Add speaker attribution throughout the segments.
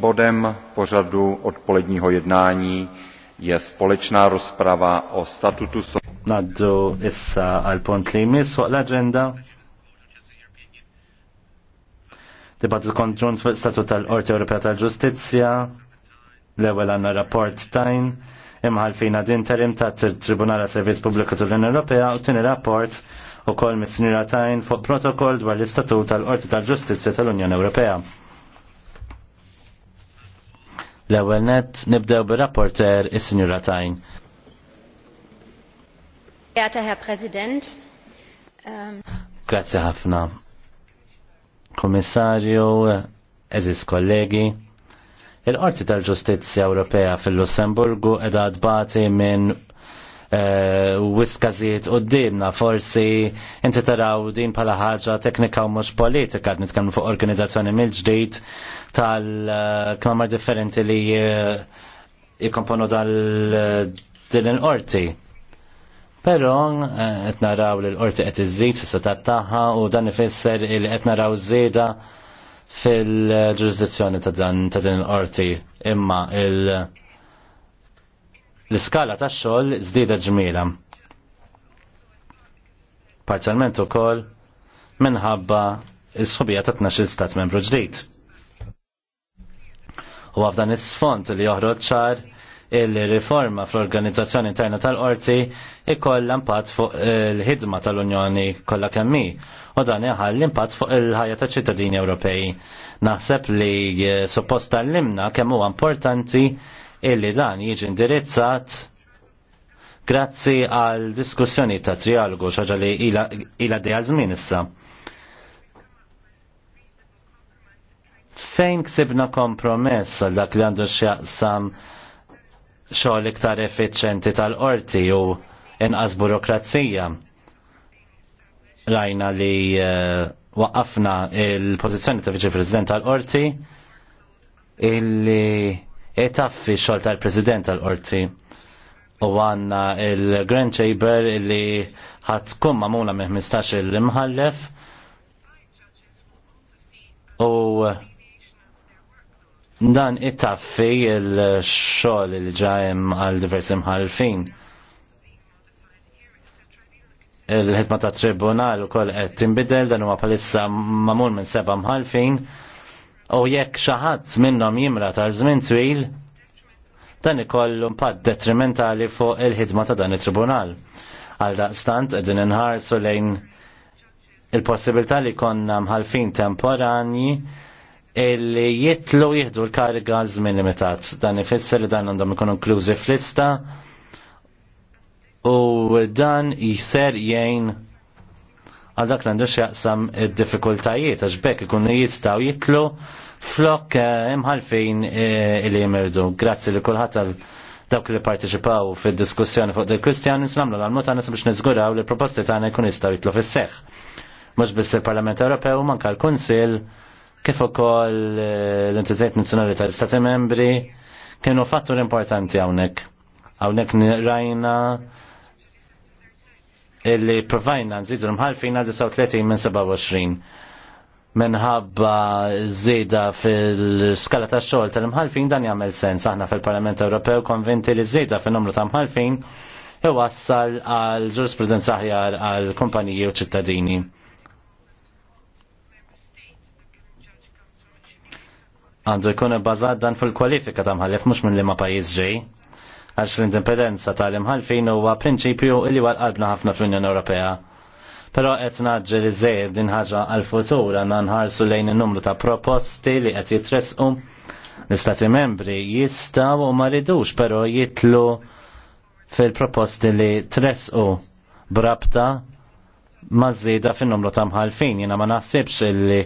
Speaker 1: Bodem pořadu odpoledního jednání je společná rozprava o statutu so Naddu issa għal punt li jmiss fuq l-agenda. Dibat il kontrun fuq statut tal-Qorti Ewropea tal-Ġustizzja, l-ewwel għandna rapport tajn, imħalfina din terim ta' Tribunala Servizz Pubbliku tal-Unjoni Ewropea u tini rapport ukoll mis-sinjura tajn fuq protokoll dwar l-istatut tal-Qorti tal-Ġustizzja tal-Unjoni Ewropea. L-ewwel net nibdew bir-rapporter is-Sinjura Tajn.
Speaker 2: Grazzi Herr President. Ähm,
Speaker 1: Grazie ħafna. Komissarju, eżis kollegi, il-Qorti tal-Ġustizzja Ewropea fil-Lussemburgu edha dbati minn Eh, wiskaziet u d-dimna, forsi inti taraw din pala ħaġa teknika u mux politika, għad nitkellmu fuq organizzazzjoni mill-ġdijt tal-kmamar eh, differenti li eh, jikomponu dal-din orti. Pero, qed naraw li l-orti qed iżid fis-setat tagħha u dan ifisser li qed naraw żieda fil-ġurisdizzjoni ta' dan ta' din l-orti imma il- l-iskala tax xogħol zdida ġmiela. Parzialment ukoll minħabba s sħubija ta' 12 stat membru ġdid. U għafdan is-sfond li joħroġ ċar il-riforma fl-organizzazzjoni interna tal-qorti l impatt fuq il-ħidma tal-Unjoni kollha kemm hi. U dan l impatt fuq il-ħajja taċ ċittadini Ewropej. Naħseb li supposta l-limna kemm huwa importanti illi dan jiġi indirizzat grazzi għal diskussjoni ta' trialogu xaġa li ila, ila dejja żmien issa. Fejn ksibna kompromess għal dak li għandu x'jaqsam xogħol iktar effiċenti tal-qorti u inqas burokrazija. Rajna li uh, waqqafna il-pożizzjoni ta' viċi President tal-qorti illi E taffi xogħol tal-President tal-Qorti u għanna il-Grand Chamber li ħatkun mamula me 15 il-imħallef u dan it-taffi e il-xol il-ġajem għal diversi mħalfin. il ħedma ta' tribunal u koll qed tinbidel dan huwa għapalissa mamul minn seba' mħalfin u jekk xi ħadd minnhom jimra tal żmien twil, dan ikollu impatt detrimentali fuq il-ħidma ta' dan it-tribunal. Għal daqstant qegħdin inħarsu lejn il-possibilità li konna mħalfin temporanji illi jitlu jieħdu l-kariga żmien limitat. Dan ifisser li dan għandhom ikunu inklużi fl-lista u dan jser jgħin għal dak l-għandu xjaqsam id-diffikultajiet, għax bekk ikunu jistaw jitlu flok eh, imħalfin eh, li jimirdu. Grazzi li kullħat għal dawk li parteċipaw fil-diskussjoni fuq dil-Kristjan, nislamlu l-għalmut għanis biex nizguraw li proposti għana jkun jistaw jitlu fis-seħ. Mux biss il-Parlament Ewropew, manka l konsil kif ukoll eh, l-entitajt nazzjonali tal-Stati membri, kienu fattur importanti hawnhekk. Għawnek rajna illi provajna nżidu l-mħalfin għal 30 minn 27 minħabba żieda fil-skala ta' xogħol tal-mħalfin dan jagħmel sens aħna fil-Parlament Ewropew konvinti li żieda fin-numru ta' mħalfin iwassal għal ġurisprudenza aħjar għal kumpaniji u ċittadini. Għandu jkun ibbażat dan fil-kwalifika ta' mħallef mhux minn liema pajjiż ġej għax l-indipendenza tal-imħalfin huwa prinċipju li huwa qalbna ħafna fl-Unjoni Ewropea. Però qed naġġel iżejjed din ħaġa għall-futur għandna nħarsu lejn in-numru ta' proposti li qed jitresqu l-Istati membri jistgħu u ma ridux però jitlu fil-proposti li tresqu brabta ma' żieda fin-numru ta' mħalfin. Jiena ma naħsibx li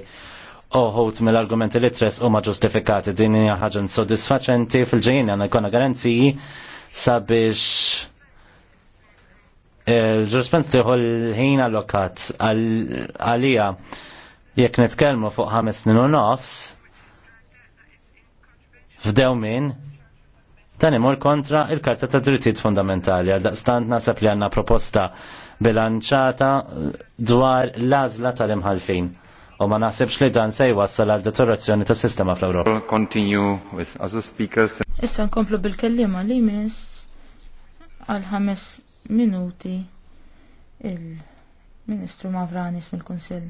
Speaker 1: oħut mill-argumenti li tres u ma ġustifikati din hija ħaġa sodisfaċenti fil-ġejjin għandna jkollna garanziji sabiex il-ġuspens eh, liħu l-ħin allokat għalija jekk nitkellmu fuq ħames snin u nofs f'dew min dan imur kontra il-Karta ta' Drittijiet Fundamentali għal daqstant nasab li għandna proposta bilanċata dwar l-għażla tal-imħalfin u ma naħsibx li dan se jwassal għal deteriorazzjoni tas sistema fl-Ewropa.
Speaker 3: Issa nkomplu bil-kellima li miss għal ħames minuti il-Ministru Mavranis mill-Kunsill.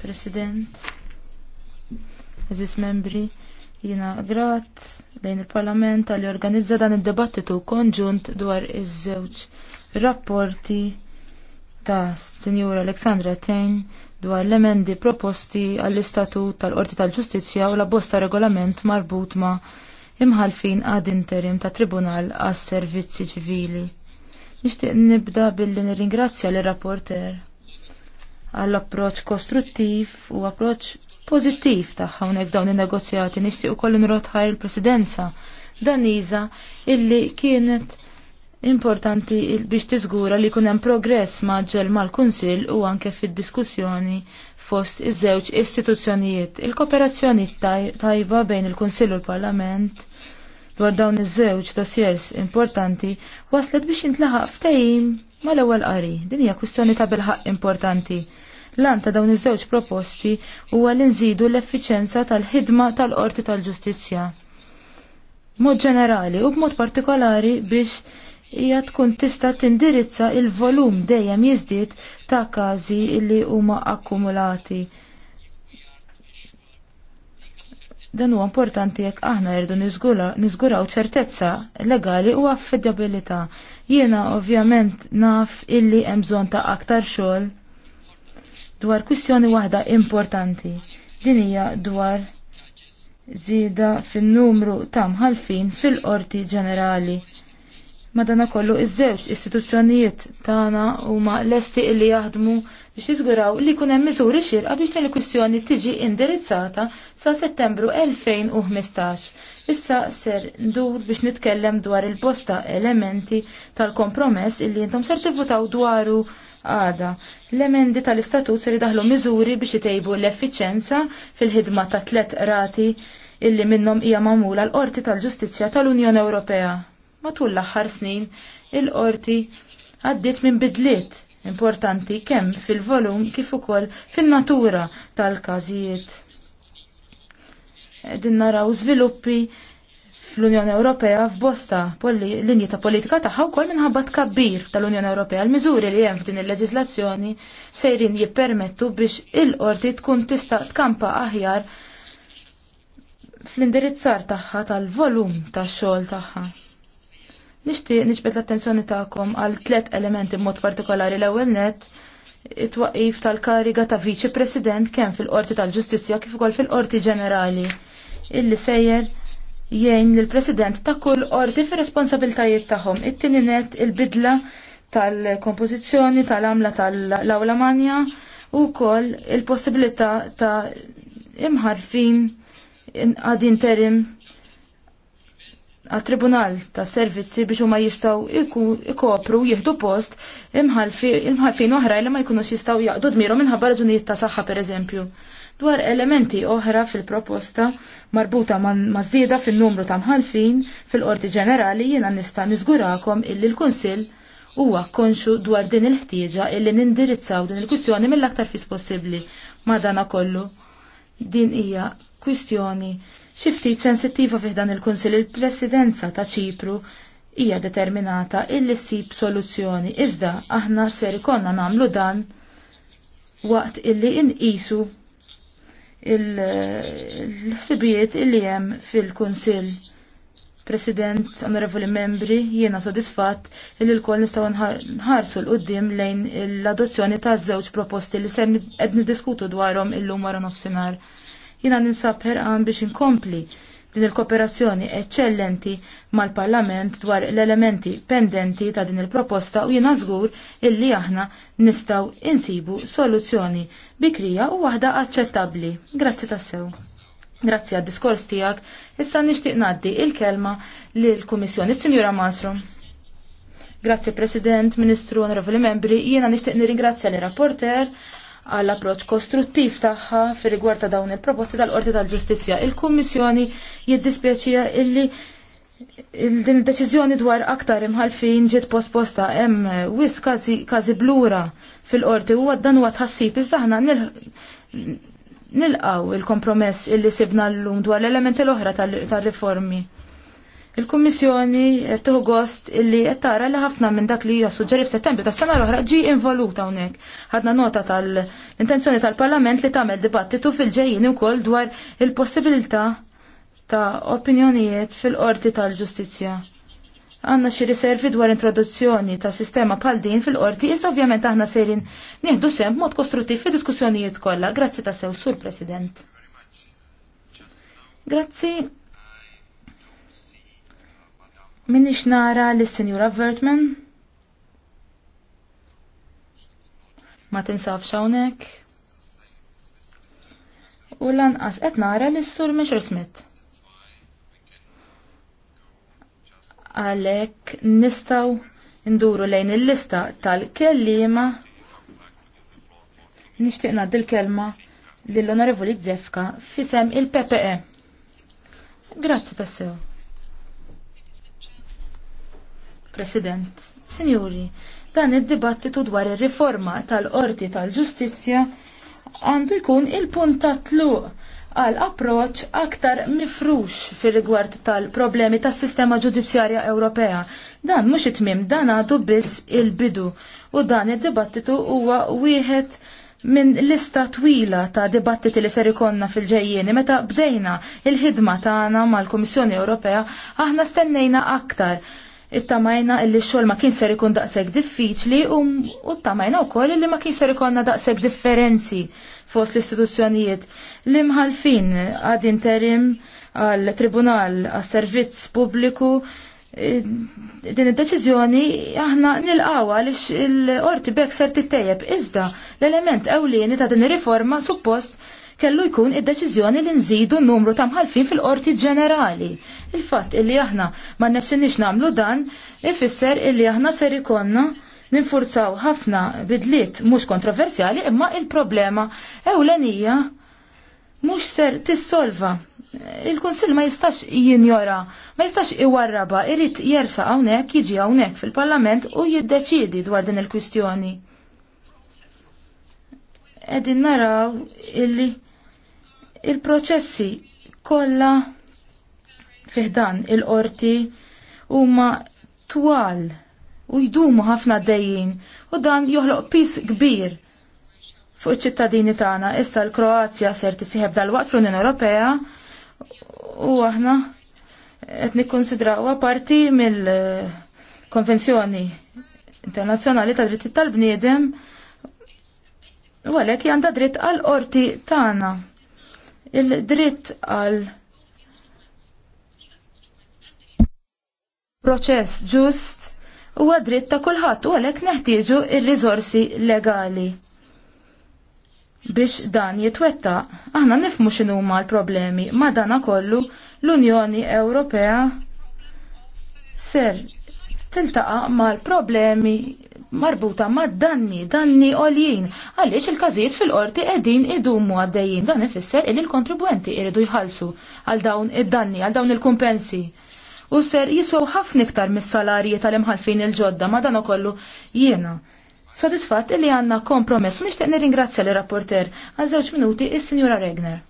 Speaker 3: President, eżis membri, jina grat lejn il-Parlament għal organizza dan id-debattitu konġunt dwar iż-żewġ rapporti ta' Sinjura Aleksandra Tejn dwar l-emendi proposti għall-Istatut tal-Qorti tal-Ġustizzja u la bosta regolament marbut ma' imħalfin għad interim ta' Tribunal għas servizzi ċivili. Nixtieq nibda billi nirringrazzja l rapporter għall-approċ kostruttiv u approċ pożittiv tagħha hawnhekk dawn in-negozjati u ukoll nrotħar il-Presidenza Daniza illi kienet importanti biex tiżgura li jkun hemm progress maġġel mal-Kunsill u anke fid-diskussjoni fost iż-żewġ istituzzjonijiet. Il-kooperazzjoni tajba bejn il-Kunsill u l-Parlament dwar dawn iż-żewġ dossiers importanti waslet biex intlaħaq ftehim mal-ewwel qari. Din hija kwistjoni ta' bilħaq importanti. Lan ta' dawn iż-żewġ proposti huwa li nżidu l-effiċenza tal-ħidma tal-Qorti tal-Ġustizzja. Mod ġenerali u b'mod partikolari biex hija tkun tista' tindirizza il-volum dejjem jiżdied ta' każi li huma akkumulati. Dan huwa importanti jekk aħna rridu niżguraw ċertezza legali u affidabilità. Jiena ovvjament naf illi hemm bżonn ta' aktar xogħol dwar kwistjoni waħda importanti. Din hija dwar żieda fin-numru ta' mħalfin fil-qorti ġenerali Madanakollu iż-żewġ istituzzjonijiet tagħna huma lesti illi jaħdmu biex jiżguraw li jkun hemm miżuri xirqa biex tal il-kwistjoni tiġi indirizzata sa Settembru 2015. Issa ser ndur biex nitkellem dwar il-bosta elementi tal-kompromess illi intom ser tivvutaw dwaru għada. L-emendi tal-istatut ser jidaħlu miżuri biex itejbu l-effiċenza fil-ħidma ta' tlet rati illi minnhom hija magħmula l-Qorti tal-Ġustizzja tal-Unjoni Ewropea. Matul l-aħħar snin, il-qorti għaddiet minn bidliet importanti kemm fil-volum kif ukoll fin-natura tal-każijiet. Din naraw żviluppi fl-Unjoni Ewropea f'bosta linji ta' politika tagħha wkoll minħabba tkabbir tal-Unjoni Ewropea. L-miżuri li hemm f'din il-leġislazzjoni sejrin jippermettu biex il-qorti tkun tista' tkampa aħjar fl-indirizzar tagħha tal-volum tax-xogħol tagħha. Nixtieq niġbed l-attenzjoni tagħkom għal tliet elementi mod partikolari l-ewwel net it-twaqif tal-kariga ta' viċi president kemm fil-Qorti tal-Ġustizzja kif ukoll fil-Qorti Ġenerali illi sejjer jgħin lill president ta' kull qorti fir-responsabiltajiet tagħhom. It-tieni net il-bidla tal-kompożizzjoni tal-għamla tal-awla manja u wkoll il-possibilità ta' imħarfin qadin terim għat-tribunal ta' servizzi biex huma jistaw ikopru jihdu post imħalfin oħra li ma jkunux jistaw jaqdu dmiru minħabba raġunijiet ta' saħħa per eżempju. Dwar elementi oħra fil-proposta marbuta ma' żieda fin-numru ta' mħalfin fil-qorti ġenerali jiena nista' niżgurakom illi l-Kunsill huwa konxu dwar din il-ħtieġa illi nindirizzaw din il-kwistjoni mill-aktar fis possibbli madana kollu. Din hija kwistjoni xi ftit sensittiva fih dan il-Kunsill il-Presidenza ta' Ċipru hija determinata illi ssib soluzzjoni iżda aħna ser ikonna nagħmlu dan waqt illi inqisu il-ħsibijiet illi hemm fil-Kunsill. President, onorevoli membri, jiena sodisfatt illi l-kol nistaw nħarsu l-qoddim lejn l-adozzjoni ta' żewġ proposti li ser qed niddiskutu dwarhom illum wara nofsinhar. Jina ninsab ħerqan biex inkompli din il-kooperazzjoni eccellenti mal-Parlament dwar l-elementi pendenti ta' din il-proposta u jina żgur illi aħna nistaw insibu soluzzjoni bikrija u waħda aċċettabbli. Grazzi tassew. Grazzi għad diskors tijak, issa nishtiq naddi il-kelma l-Komissjoni. Signora Masrum. Grazzi President, Ministru, Onorevoli Membri, jiena nishtiq nirringrazzja l-rapporter għall approċ kostruttiv tagħha fir rigward ta' dawn il-proposti tal-Qorti tal-Ġustizzja. Il-Kummissjoni jiddispjaċija illi din id-deċiżjoni dwar aktar imħalfin ġiet postposta hemm wis każi blura fil-qorti huwa dan huwa tħassib iżda aħna nilqaw il-kompromess illi sibna llum dwar l-elementi l-oħra tal-riformi. Tal Il-Kummissjoni qed gost illi qed tara li ħafna minn dak li hija suġġeri f'Settembru tas-sena l-oħra ġi involuta hawnhekk. Ħadna nota tal-intenzjoni tal-Parlament li tagħmel dibattitu fil-ġejjin ukoll dwar il-possibilità ta' opinjonijiet fil-qorti tal-ġustizzja. Għanna xi riservi dwar introduzzjoni ta' sistema bħal din fil-qorti iżda ovvjament aħna sejrin nieħdu sem mod kostruttiv fi diskussjonijiet kollha. Grazzi ta' sew, Sur President. Grazzi. Minix nara li s-Sinjura Vertman? Ma tinsaf xawnek? U lanqas qed nara li s-Sur Mr. Smith. Għalek nistaw nduru lejn il-lista tal-kellima nishtiqna dil-kelma lill-Onorevoli Zefka fisem il-PPE. Grazzi tassew. President, Sinjuri, dan id-dibattitu dwar ir-riforma tal-qorti tal-ġustizzja għandu jkun il-punt ta' tluq għal approċ aktar mifrux fir rigward tal-problemi tas sistema ġudizzjarja Ewropea. Dan mhux it dan għadu biss il-bidu u dan id-dibattitu huwa wieħed minn lista twila ta' dibattiti li ser ikonna fil-ġejjieni meta bdejna il-ħidma tagħna mal-Kummissjoni Ewropea aħna stennejna aktar It-tamajna illi xol ma kien ser ikun daqseg diffiċli u tamajna u koll illi ma kien ser ikonna daqseg differenzi fost l-istituzzjonijiet. L-imħalfin għad interim għal-Tribunal għas-Servizz Pubbliku e, din id-deċiżjoni aħna nilqawa għaliex il-qorti bek ser tittejjeb iżda l-element ewlieni ta' din ir-riforma suppost kellu jkun id-deċiżjoni li nżidu n-numru ta' mħalfin fil-qorti ġenerali. Il-fatt illi aħna ma nexxinix nagħmlu dan ifisser illi aħna ser ikonna ninfurzaw ħafna bidliet mhux kontroversjali imma il-problema ewlenija mhux ser tissolva. Il-Kunsill ma jistax jinjora, ma jistax iwarraba, irrit jersa hawnhekk, jiġi hawnhekk fil-Parlament u jiddeċiedi dwar din il-kwistjoni. Qegħdin naraw illi Il-proċessi kollha fiħdan il-qorti huma twal u jdumu ħafna dejjin u dan joħloq pis kbir fuq iċ-ċittadini tagħna. Issa l-Kroazja ser tisieħeb dal-waqt fl-Unjoni Ewropea u aħna qed nikkonsidrawha parti mill-Konvenzjoni Internazzjonali ta' Drittijiet tal-Bniedem u għalhekk għandha dritt għall qorti tagħna il-dritt għal proċess ġust huwa dritt ta' kulħadd u għalhekk neħtieġu il-rizorsi legali biex dan jitwetta. Aħna nifmu x'inhuma l-problemi ma' dana kollu l-Unjoni Ewropea ser tiltaqa mal problemi marbuta mad danni, danni oljin, għaliex il-każijiet fil-qorti qegħdin idumu għaddejjin dan ifisser li l-kontribwenti jridu jħallsu għal dawn id-danni, għal dawn il-kumpensi. U ser jiswew ħafna iktar mis-salarji tal-imħalfin il-ġodda ma dan ukollu jiena. Sodisfatt li għanna kompromess, nixtieq nirringrazzja l-rapporter għal żewġ minuti is-Sinjura Regner.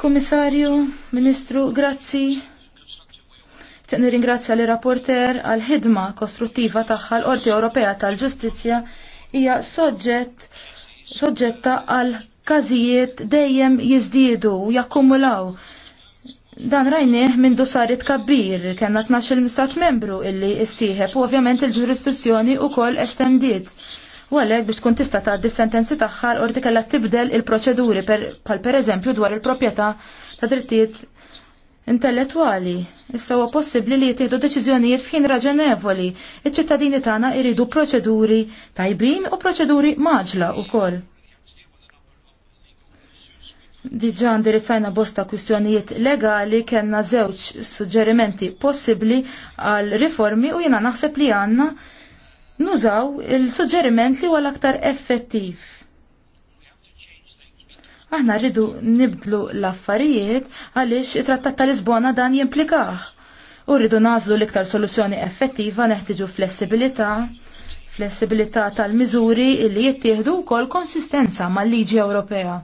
Speaker 3: Komissarju, Ministru, grazzi. Tiqni ringrazzja li rapporter għal ħidma kostruttiva tagħha l-Qorti Ewropea tal-Ġustizzja hija soġġett soġġetta għal każijiet dejjem jiżdiedu u jakkumulaw. Dan rajnieh minn saret kabbir, kellna 12 il-Mistat membru illi issieħeb u ovvjament il-ġurisdizzjoni wkoll estendiet. U għalek biex tkun tista' tgħaddi sentenzi tagħha l kellha tibdel il-proċeduri per pereżempju dwar il-proprjetà ta' drittijiet intellettwali. Issa huwa possibbli li jittieħdu deċiżjonijiet f'ħin raġenevoli. Iċ-ċittadini tagħna jridu proċeduri tajbin u proċeduri maġla wkoll. Diġa ndirizzajna bosta kwistjonijiet legali kena żewġ suġġerimenti possibbli għal riformi u jena naħseb li għanna nużaw il-suġġeriment li huwa l-aktar effettiv. Aħna rridu nibdlu l-affarijiet għaliex it-trattat ta' Lisbona dan jimplikaħ. U rridu nażlu l-iktar soluzzjoni effettiva neħtiġu flessibilità, flessibilità tal-miżuri li jittieħdu wkoll konsistenza mal-liġi Ewropea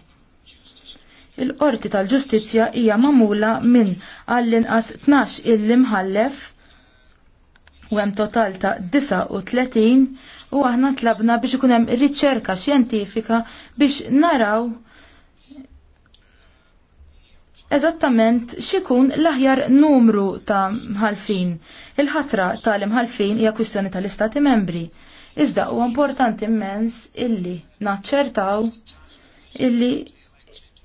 Speaker 3: il-qorti tal-ġustizzja hija magħmula minn għall-inqas 12 il mħallef u hemm total ta' 39 u aħna tlabna biex ikun hemm riċerka xjentifika biex naraw Eżattament xikun l-aħjar numru ta' mħalfin. Il-ħatra tal mħalfin hija kwistjoni tal-istati membri. Iżda huwa importanti immens illi naċċertaw illi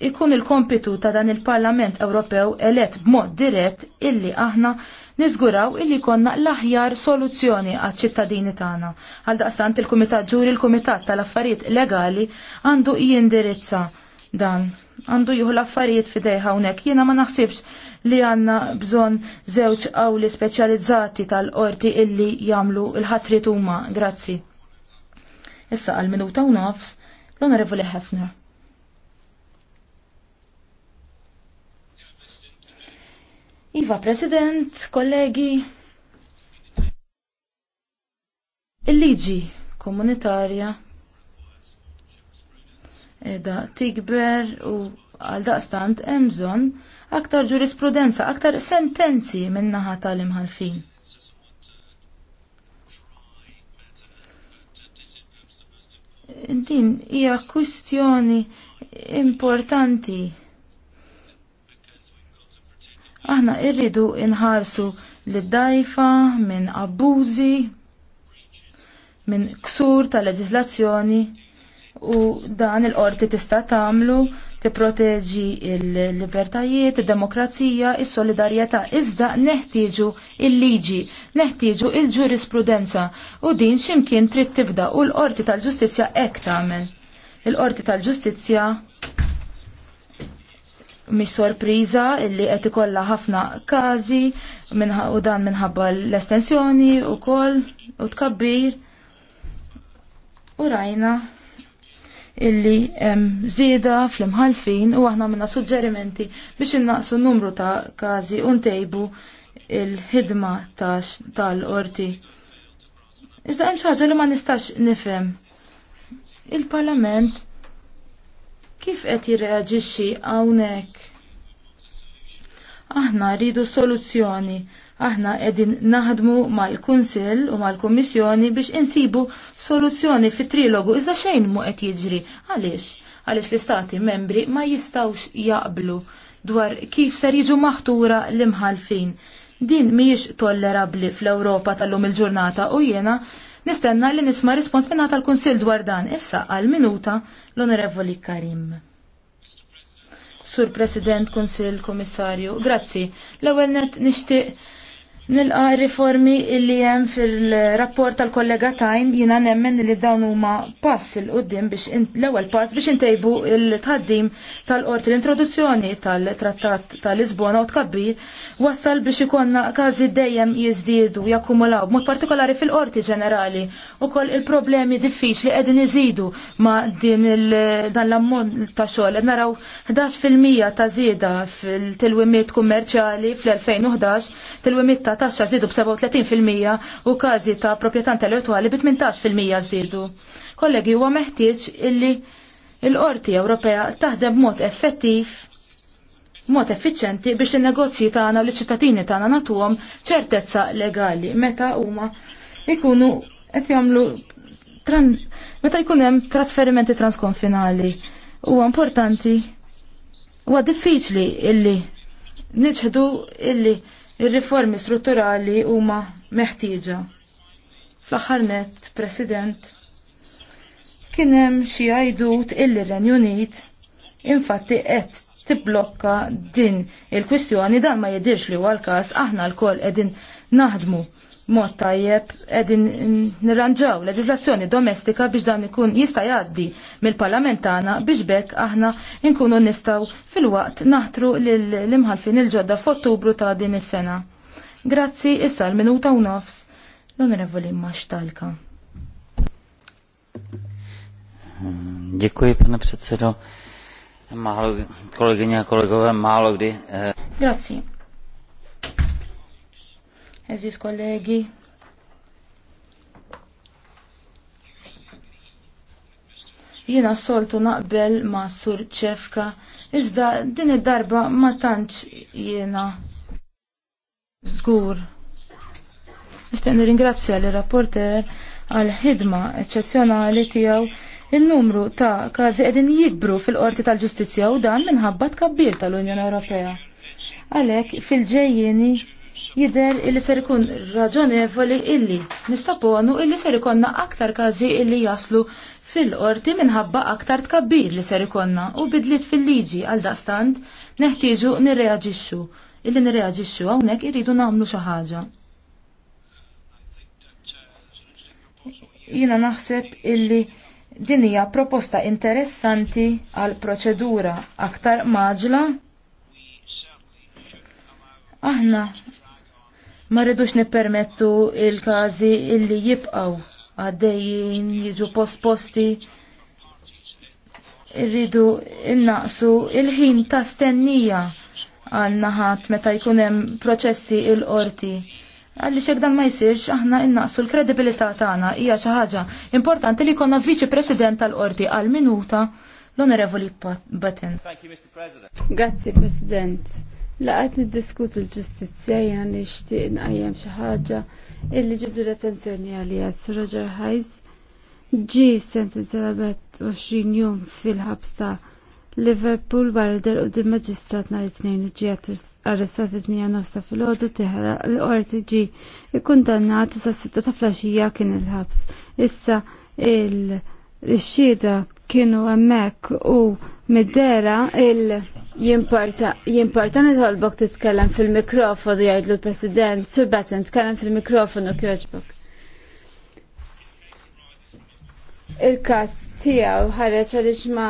Speaker 3: ikun il-kompitu ta' dan il-Parlament Ewropew elett b'mod dirett illi aħna niżguraw illi konna l-aħjar soluzzjoni għad ċittadini tagħna. Għal daqstant il-Kumitat Ġuri il-Kumitat tal-Affarijiet Legali għandu jindirizza dan. Għandu juhu l-affarijiet fidej hawnhekk. Jiena ma naħsibx li għanna bżon zewċ għaw li speċjalizzati tal-qorti illi jamlu il ħatrit huma. Grazzi. Issa għal-minuta u nafs, l-onorevoli Hefner. Iva, President, kollegi, il-liġi komunitarja edha tikber u għal daqstant emżon aktar ġurisprudenza, aktar sentenzi minnaħa tal-imħalfin. Din hija kwistjoni importanti Aħna irridu inħarsu lid-dajfa minn abbużi, minn ksur ta' leġislazzjoni u dan il-qorti tista' tagħmlu tipproteġi il-libertajiet, id-demokrazija, l libertajiet id demokrazija is solidarjetà iżda neħtieġu il-liġi, neħtieġu il-ġurisprudenza u din ximkien trid tibda u l-qorti tal-ġustizzja hekk tagħmel. Il-qorti tal-ġustizzja Mhix sorpriża li qed ikollha ħafna każi u dan minħabba l-estensjoni wkoll u tkabbir u rajna illi hemm żieda fl-imħalfin u aħna minna suġġerimenti biex innaqsu n-numru ta' każi u ntejbu il-ħidma tal-qorti. Iżda hemm xi ħaġa li ma nistax nifhem. Il-Parlament Kif qed jirreaġixxi hawnhekk? Aħna rridu soluzzjoni. Aħna qegħdin naħdmu mal-Kunsill u mal-Kummissjoni biex insibu soluzzjoni fit-trilogu iżda xejn mu qed jiġri. Għaliex? Għaliex l-istati membri ma jistawx jaqblu dwar kif ser jiġu maħtura l-imħalfin. Din mhijiex tollerabbli fl-Ewropa tal-lum il-ġurnata u jiena Nistenna li nisma' rispons minna tal-Kunsill dwar dan issa għal minuta l-Onorevoli Karim. Sur President, Kunsill, Komissarju, grazzi. l ewel net nishtiq Nilqa riformi illi hemm fil-rapport tal-kollega Tajn jina nemmen li dawn huma pass il qudiem biex l-ewwel pass biex intejbu il-tħaddim tal-qorti l-introduzzjoni tal-trattat tal-Lisbona u tkabbir wassal biex ikonna każi dejjem jiżdiedu jakkumulaw mod partikolari fil-qorti ġenerali koll il-problemi diffiċli qegħdin iżidu ma' din dan l-ammont ta' xogħol qed naraw 11% ta' żieda fil-tilwimiet kummerċjali fl-2011 tilwimiet ta' taxxa żdiedu b-37% u każi ta' proprjetà intellettwali bi 18% żdiedu. Kollegi huwa meħtieġ illi l-Qorti Ewropea taħdem b'mod effettiv mod effiċenti biex il-negozji tagħna u l-ċittadini tagħna nagħtuhom ċertezza legali meta huma jkunu qed jagħmlu meta jkun hemm trasferimenti transkonfinali. Huwa importanti huwa diffiċli illi niġħdu illi Ir-riformi strutturali huma meħtieġa. Fl-aħħar nett, President, kien hemm xi għajdut illi renju Unit infatti qed tibblokka din il-kwistjoni dan ma jidirx li huwa l-każ aħna lkoll qegħdin naħdmu mod tajjeb edin nirranġaw leġislazzjoni domestika biex dan ikun jista' jgħaddi mill-parlament tagħna biex bekk aħna nkunu nistgħu fil-waqt naħtru l-imħalfin il-ġodda f'Ottubru ta' din is-sena. Grazzi issa l-minuta u nofs l-Onorevoli Maċtalka.
Speaker 1: Děkuji, pane předsedo. Málo, kolegyně a kolegové, málo kdy. Eh...
Speaker 3: Grazie eżis kollegi. Jiena soltu naqbel ma' Sur Ċefka, iżda din id-darba ma tantx jiena Zgur, Nixtieq nirringrazzja l rapporter għal ħidma eċċezzjonali tiegħu il-numru ta' każi qegħdin jikbru fil-qorti tal-ġustizzja u dan minħabba tkabbir tal-Unjoni Ewropea. Għalhekk fil-ġejjieni jider illi ser ikun raġonevoli illi nissaponu illi ser ikonna aktar kazi illi jaslu fil-qorti minħabba aktar tkabbir li ser ikonna u bidliet fil-liġi għal daqstant neħtieġu nirreagġixxu illi nirreagġixxu hawnhekk irridu nagħmlu xi ħaġa. Jiena naħseb illi din hija proposta interessanti għal proċedura aktar maġla aħna Ma rridux nippermettu il-każi illi jibqaw għaddejjin jiġu postposti irridu innaqsu il-ħin ta' stennija għal naħat meta jkun hemm proċessi il-qorti. Għalli xek dan ma jisirx, aħna innaqsu l-kredibilità tagħna hija xi ħaġa importanti li jkollna viċi president tal-qorti għal minuta l-Onorevoli Batten. Grazzi President
Speaker 2: laqat niddiskutu l ġustizja jena nixtieq nqajjem xi ħaġa illi ġibdu l-attenzjoni għalija Sir Roger Hayes ġi sentenzjat 20 jum fil-ħabs ta' Liverpool wara del qudiem maġistrat nhar it-tnejn ġi arrestat fit-8 fil-ħodu tieħla l-qorti ġi ikkundannat sa' sitta ta' flaxija kien il-ħabs. Issa il-xhieda kienu hemmhekk u middera il-, -il Jimporta nitolbok titkellem fil-mikrofonu jgħidlu l-President, Sur Batten, tkellem fil-mikrofonu kjoġbok. Il-kas tijaw ħareċ li ma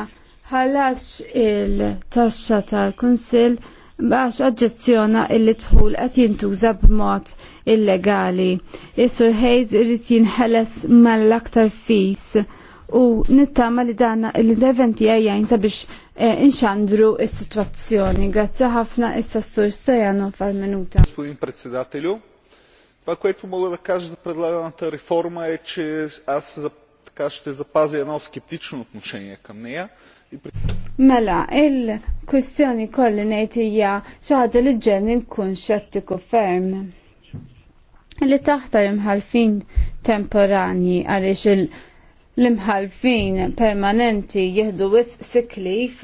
Speaker 2: ħalax il-taxxa tal-Kunsil baħx oġġezzjona illi tħul qed jintuża b'mod illegali. Is-Sur Hayes irid jinħeles mal-aktar fis u nittama li dan l-interventi għajjajn sabiex E, inxandru il-situazzjoni. Grazie ħafna issa Stur Stojanov fal minuta
Speaker 3: Господин председателю, това, което мога да кажа predlagana предлаганата реформа е, че аз за, така ще запазя едно скептично отношение към нея.
Speaker 2: Mela, il kwestjoni kolli nejti ja xi ħaġa li ġen inkun xettiku ferm. Li taħtar imħalfin temporani għalix il- l-imħalfin permanenti jihdu wis siklif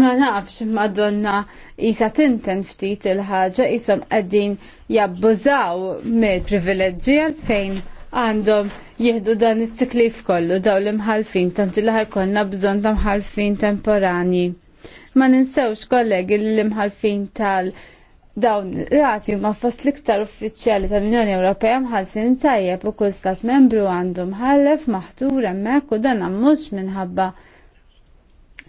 Speaker 2: ma nafx madonna jisa tinten ftit il-ħagġa jisom għaddin jabbużaw mill-privileġġi għalfejn għandhom jihdu dan is-siklif kollu daw l-imħalfin tant li konna bżonn ta' mħalfin temporani. Ma ninsewx kollegi l-imħalfin tal- dawn rati huma fost l-iktar uffiċjali tal-Unjoni Ewropea mħalsin tajjeb u kull stat membru għandu mħallef maħtur hemmhekk u dan mhux minħabba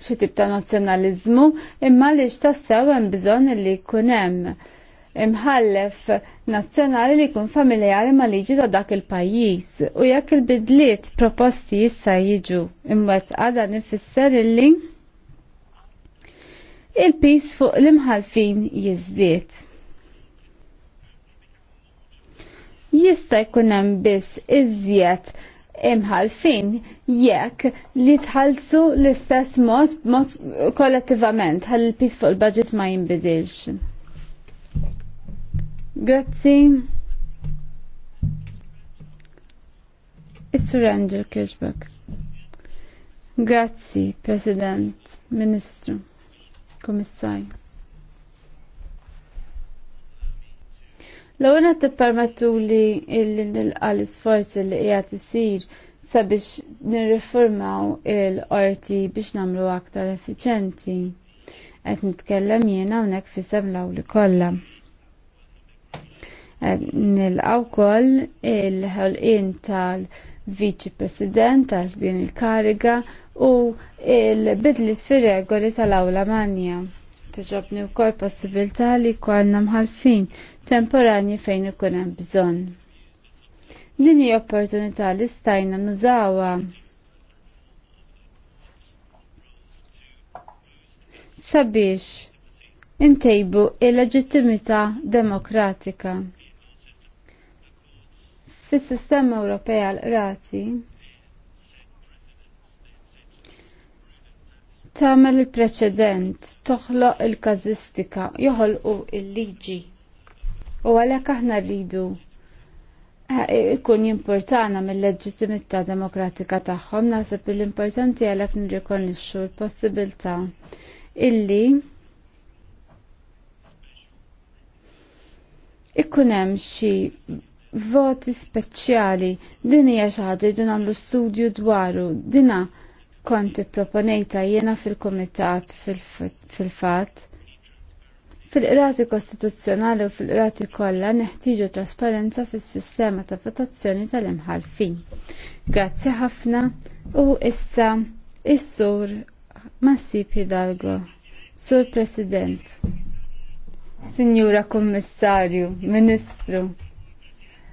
Speaker 2: xi tip ta' nazzjonaliżmu imma li x'tassew hemm bżonn li jkun hemm imħallef nazzjonali li jkun familjari ma' liġi ta' dak il-pajjiż u jekk il-bidliet proposti issa jiġu imwettqa dan ifisser link il-pis fuq l-imħalfin jizdiet. Jista' jkun hemm biss iżjed imħalfin jekk li tħallsu l-istess mod mod kollettivament ħalli l-pis fuq il-budget ma jinbidilx. Grazzi. Is-surrender Kirchberg. Grazzi, President, Ministru. Komissaj. L-għuna t-permettu li il-nilqa forzi li jgħat isir sabiex nirriformaw il-qorti biex namlu aktar effiċenti. Qed nitkellem jien hawnhekk fi semlaw li kollha. għaw koll il-ħolqien tal- viċi president għal din il-kariga u il-bidlit fir-regoli tal-awla manja. Tiġobni u kol possibilta li kolna mħalfin temporani fejn ikun hemm bżonn. Din hija opportunità li stajna nużawha. Sabiex intejbu il-leġittimità demokratika fis-sistema Ewropea l-qrati tagħmel il-preċedent, toħloq il-kazistika, joħolqu il-liġi. U għalhekk aħna rridu eh, ikun jimportana mill-leġitimità demokratika tagħhom, naħseb l-importanti għalhekk nirrikonixxu l-possibilità illi ikun hemm xi voti speċjali. Din hija xi ħaġa jdu nagħmlu studju dwaru. Dina kont proponejta jiena fil-kumitat fil-fatt. Fil-qrati kostituzzjonali u fil-qrati kollha neħtieġu trasparenza fis-sistema ta' votazzjoni tal-imħalfin. Grazzi ħafna u issa is-sur Massip Hidalgo, Sur President, Sinjura Kommissarju, Ministru,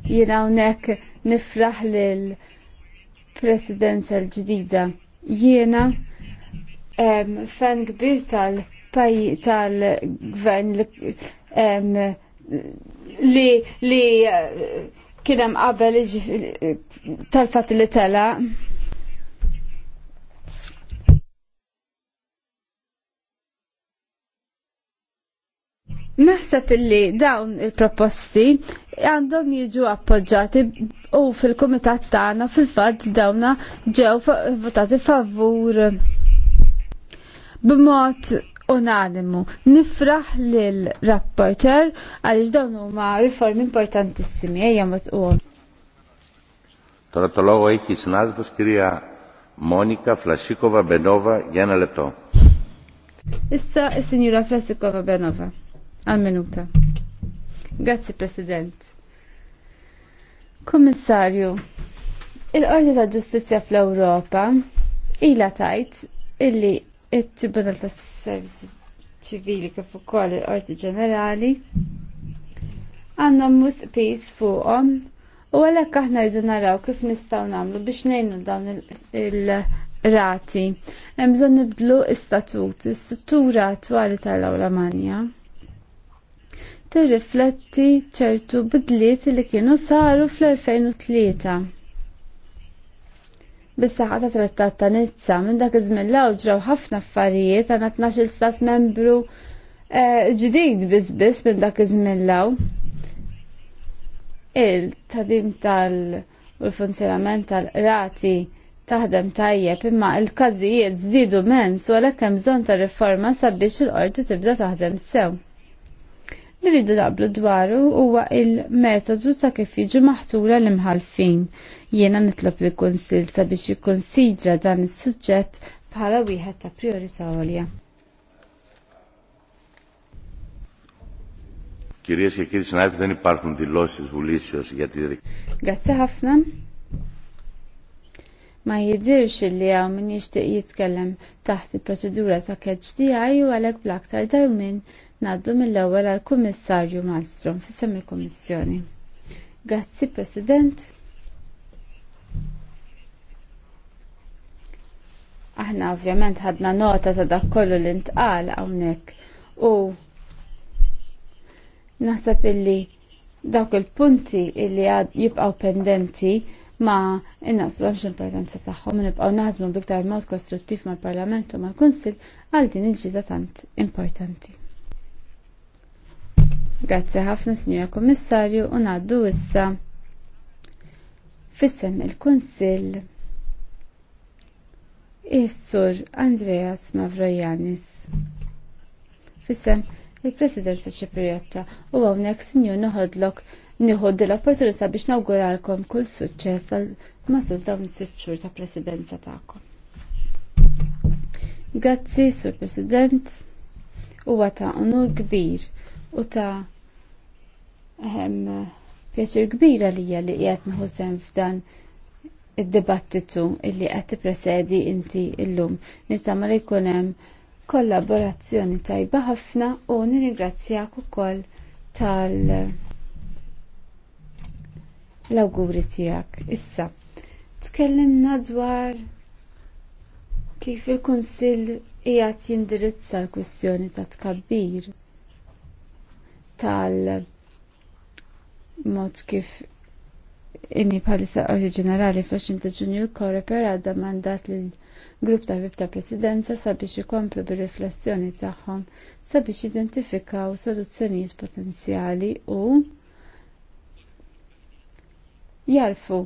Speaker 2: jina hawnhekk nifraħ lil presidenza l-ġdida. Jiena fan kbir tal-paj tal-gvern li li eh, kienem qabel tal-fat li tala. Naħseb illi dawn il-proposti għandhom jiġu appoġġati u fil-komitat tagħna fil-fatt dawna ġew votati favur b'mod unanimu. Nifraħ lil rapporter għaliex dawn huma riformi importantissimi ejja matqum.
Speaker 1: Τώρα το λόγο έχει η συνάδελφος κυρία Μόνικα Φλασίκοβα Μπενόβα
Speaker 2: Issa, η signora Flasikova Benova għal-minuta. Grazzi, President. Kommissarju, il-Qorti ta' Ġustizzja fl-Ewropa ila tajt illi it-Tribunal ta' Servizzi ċivili kif ukoll il-Qorti Ġenerali għandhom mus pis fuqhom u għalhekk aħna rridu naraw kif nistgħu nagħmlu biex ngħinu dawn il-rati. Hemm bżonn nibdlu istatut, is-struttura attwali tal awlamanja tirrifletti ċertu bidliet li kienu saru fl-2003. Bis-saħħa ta' trattat ta' Nizza minn dak iż-żmien law ġraw ħafna affarijiet għana 12 stat membru eh, ġdid biss biss minn dak iż-żmien law. il tadim tal- u l-funzjonament tal-rati taħdem tajjeb imma il-każijiet żdiedu mens u għalhekk hemm bżonn ta' riforma sabiex il-qorti tibda taħdem sew li rridu naqblu dwaru huwa il-metodu ta' kif jiġu maħtura l-imħalfin. Jiena nitlob li kunsil sabiex jikkonsidra dan is-suġġett bħala wieħed ta' priorità għolja.
Speaker 1: Κυρίε και κύριοι συνάδελφοι, δεν υπάρχουν δηλώσει βουλήσεω για τη διαδικασία.
Speaker 2: Grazie ħafna. Ma jidirx li għaw min jishtiq jitkellem taħt il-proċedura ta' keċ u għalek blaktar dawmin Naddu mill-ewwel għal kummissarju Malmström fis-sem il-Kummissjoni. Grazzi President. Aħna ovvjament ħadna nota ta' dak kollu li ntqal hawnhekk u naħseb illi dawk il-punti illi jibqgħu pendenti ma innaqsbomx l-importanza tagħhom nibqgħu naħdmu biktar mod kostruttiv mal-Parlament u mal-Kunsill għal din il-ġida tant importanti. Grazzi ħafna Sinjora Kommissarju u ngħaddu issa fissem il-Kunsill is-Sur Andreas Mavrojanis. Fissem il-Presidenza Ċipriotta u hawnhekk Sinjur Nħodlok Nħod l-opportunità biex nawguralkom kull suċċess għal masul dawn is-sitt ta' presidenza tagħkom. Grazzi, Sur President, huwa ta' onur kbir u ta' pjaċir kbira li li qiegħed nħu sem f'dan id-dibattitu illi qed tippresedi inti llum. Nisama li jkun hemm kollaborazzjoni tajba ħafna u nirringrazzjak ukoll tal l-awguri tiegħek. Issa, tkellimna dwar kif il-Kunsill qiegħed jindirizza l-kwistjoni ta' tkabbir tal- mod kif inni bħalissa qorti ġenerali fl-20 ġunju per għadda mandat l grupp ta' ta' presidenza sabiex ikomplu bir-riflessjoni tagħhom sabiex identifikaw soluzzjonijiet potenzjali u jarfu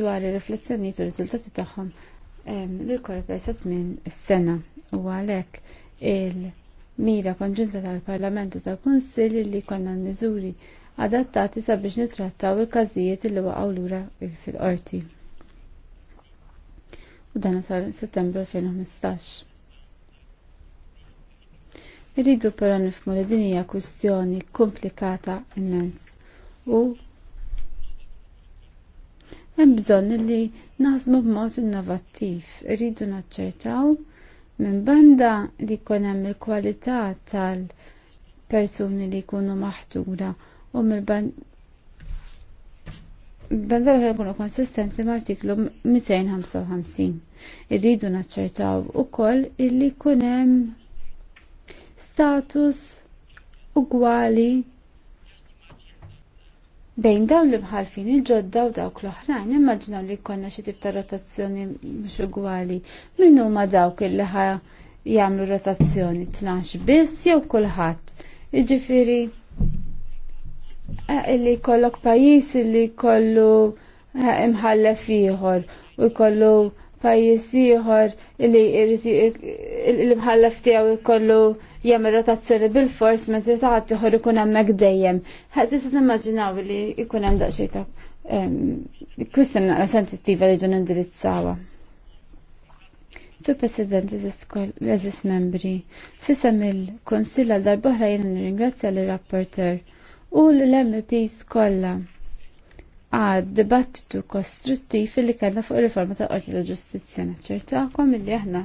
Speaker 2: dwar ir-riflessjonijiet u riżultati tagħhom lil koreper sa tmien is-sena u għalhekk il- mira konġunta tal-Parlamentu tal-Kunsill li konna miżuri adattati sabiex nitrattaw il-każijiet li waqgħu lura fil-qorti. U dan sal settembru 2015. Irridu però nifmu li din hija kwistjoni komplikata immens u hemm bżonn li naħsmu b'mod innovattiv, irridu naċċertaw minn banda li jkun hemm il-kwalità tal-persuni li jkunu maħtura u mill-bandar li konsistenti ma' artiklu 255. Irridu naċċertaw ukoll illi jkun hemm status ugwali Bejn dawn li bħalfin il-ġodda u dawk l-oħrajn, immaġinaw li konna xi tip ta' rotazzjoni mhux ugwali. Min huma dawk illi ħa jagħmlu rotazzjoni 12 biss jew kulħadd. Jiġifieri Eh, illi kollok pajis li kollu eh, imħallef ieħor u jkollu pajis ieħor li l-imħallef tiegħu jkollu jem rotazzjoni bil-fors meta taħat ieħor ikun hemmhekk dejjem. Ħadd tista' immaġinaw li jkun hemm daqsxejn ta' kwistjoni naqra sensittiva li ġun indirizzawha. Sur President, eżis membri, fissam il-Konsilla dal-Bohra jena nirringrazzja l-rapporter u l-MPs kollha għad dibattitu kostruttiv li kellna fuq il-riforma ta' qorti ta' ġustizzja naċċertakom illi aħna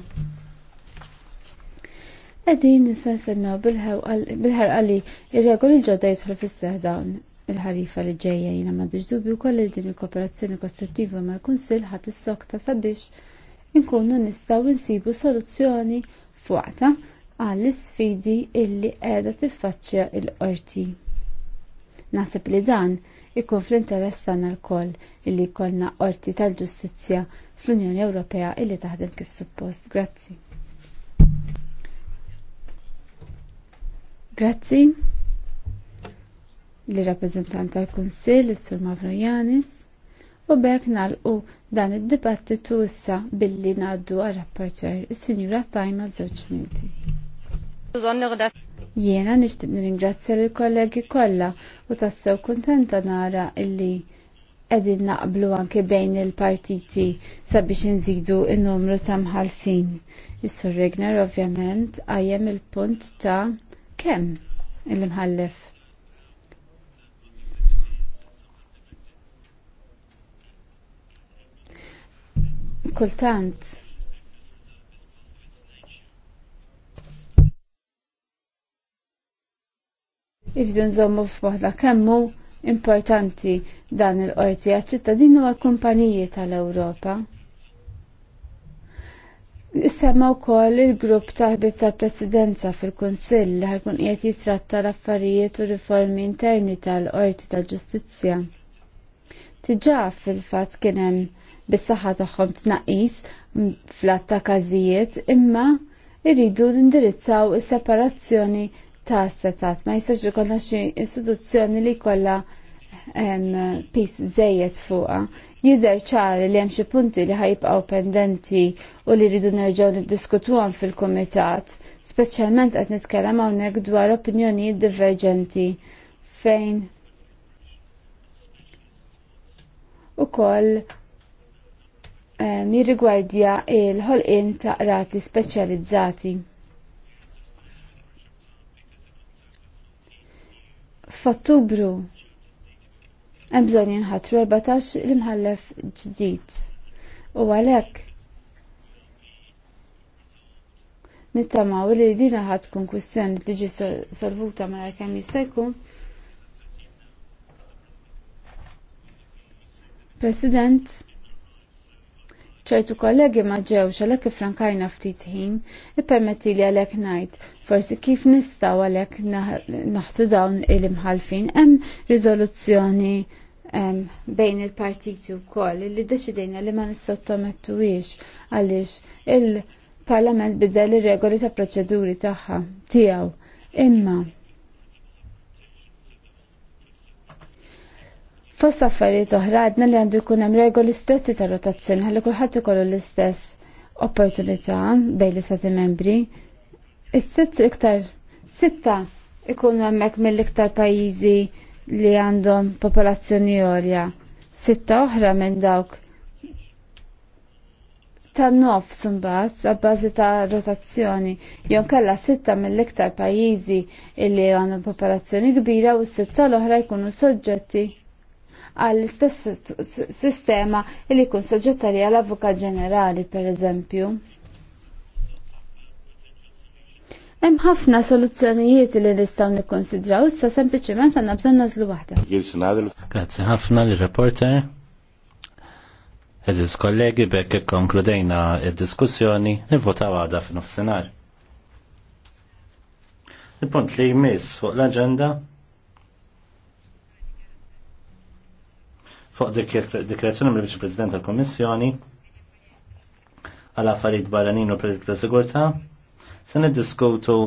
Speaker 2: qegħdin nistennew bil-ħerqa li ir-regoli ġodda jidħlu fis-seħ dawn il-ħarifa li jina ma diġdubi u koll li din il-kooperazzjoni kostruttiva mal-Kunsill ħadd is-sokta sabiex inkunu nistgħu nsibu soluzzjoni fuqta għall-isfidi illi qiegħda tiffaċċja l-qorti. Naħseb li dan ikun fl-interess tagħna lkoll illi jkollna qorti tal-ġustizzja fl-Unjoni Ewropea illi taħdem kif suppost. Grazzi. Grazzi li rappresentant tal-Kunsill is-Sur Mavrojanis u bekk nalqu dan id-dibattitu issa billi ngħaddu għar-rapporter is-Sinjura Tajma żewġ minuti. Jiena nixtieq nirringrazzja lill kollegi kollha u tassew kuntenta nara illi qegħdin naqblu anke bejn il-partiti sabiex inżidu n-numru ta' mħalfin. Is-Sur Regner ovvjament għajjem il-punt ta' kemm il-mħallef. Kultant, irridu nżommu kemm kemmu importanti dan il-qorti għaċ-ċittadini u għal-kumpaniji tal-Ewropa. Issemma wkoll il-grupp ta' ħbib tal-Presidenza fil-Kunsill li ħajkun qiegħed jitratta l-affarijiet u riformi interni tal-Qorti tal-Ġustizzja. Tiġà fil-fatt kien hemm bis-saħħa tagħhom tnaqqis fl attakażijiet każijiet imma irridu nindirizzaw is-separazzjoni ta' tas, Ma jistax ikollna xi istituzzjoni li jkollha pis żejjed fuqha. Jidher ċari li hemm xi punti li ħajbqgħu pendenti u li rridu nerġgħu niddiskutuhom fil-kumitat, speċjalment qed nitkellem hawnhekk dwar opinjonijiet diverġenti fejn ukoll mi jirrigwardja il-ħolqien ta' rati speċjalizzati. F'Ottubru hemm bżonn jinħatru 14 l-imħallef ġdid. U għalhekk nittamaw li dina ħad tkun kwistjoni li tiġi solvuta mara kemm jista' jkun. President, ċertu kollegi ma ġewx għalhekk ifrankajna ftit ħin, ippermetti li għalhekk ngħid forsi kif nistgħu għalhekk naħtu dawn il-imħalfin hemm riżoluzzjoni bejn il-partiti u koll li deċidejna li ma nistottomettuwiex għaliex il-parlament bidel ir-regoli ta' proċeduri tagħha tiegħu. Imma Fost affarijiet oħra għadna li għandu jkun hemm regoli stretti ta' rotazzjoni ħalli kulħadd ikollu l-istess opportunità bejn l-istati membri. Is-sitt iktar sitta ikunu hemmhekk mill-iktar pajjiżi li għandhom popolazzjoni għolja. Sitta oħra minn dawk ta' nofs imbagħad għabbażi ta' rotazzjoni. Jon kellha sitta mill-iktar pajjiżi li għandhom popolazzjoni kbira u sitta l-oħra jkunu soġġetti għall-istess sistema li jkun li għall-Avukat Ġenerali, per eżempju. Hemm ħafna soluzzjonijiet li nistgħu nikkonsidraw, issa sempliċement għandna bżonn nażlu
Speaker 1: waħda. Grazzi ħafna lir reporter Eżis kollegi bekk konkludejna id-diskussjoni nivvotaw għada f'nofsinhar. Il-punt li jmiss fuq l-aġenda fuq dikreazzjoni mill vice President tal komissjoni għal affarijiet barranin u proġett ta' sigurtà se niddiskutu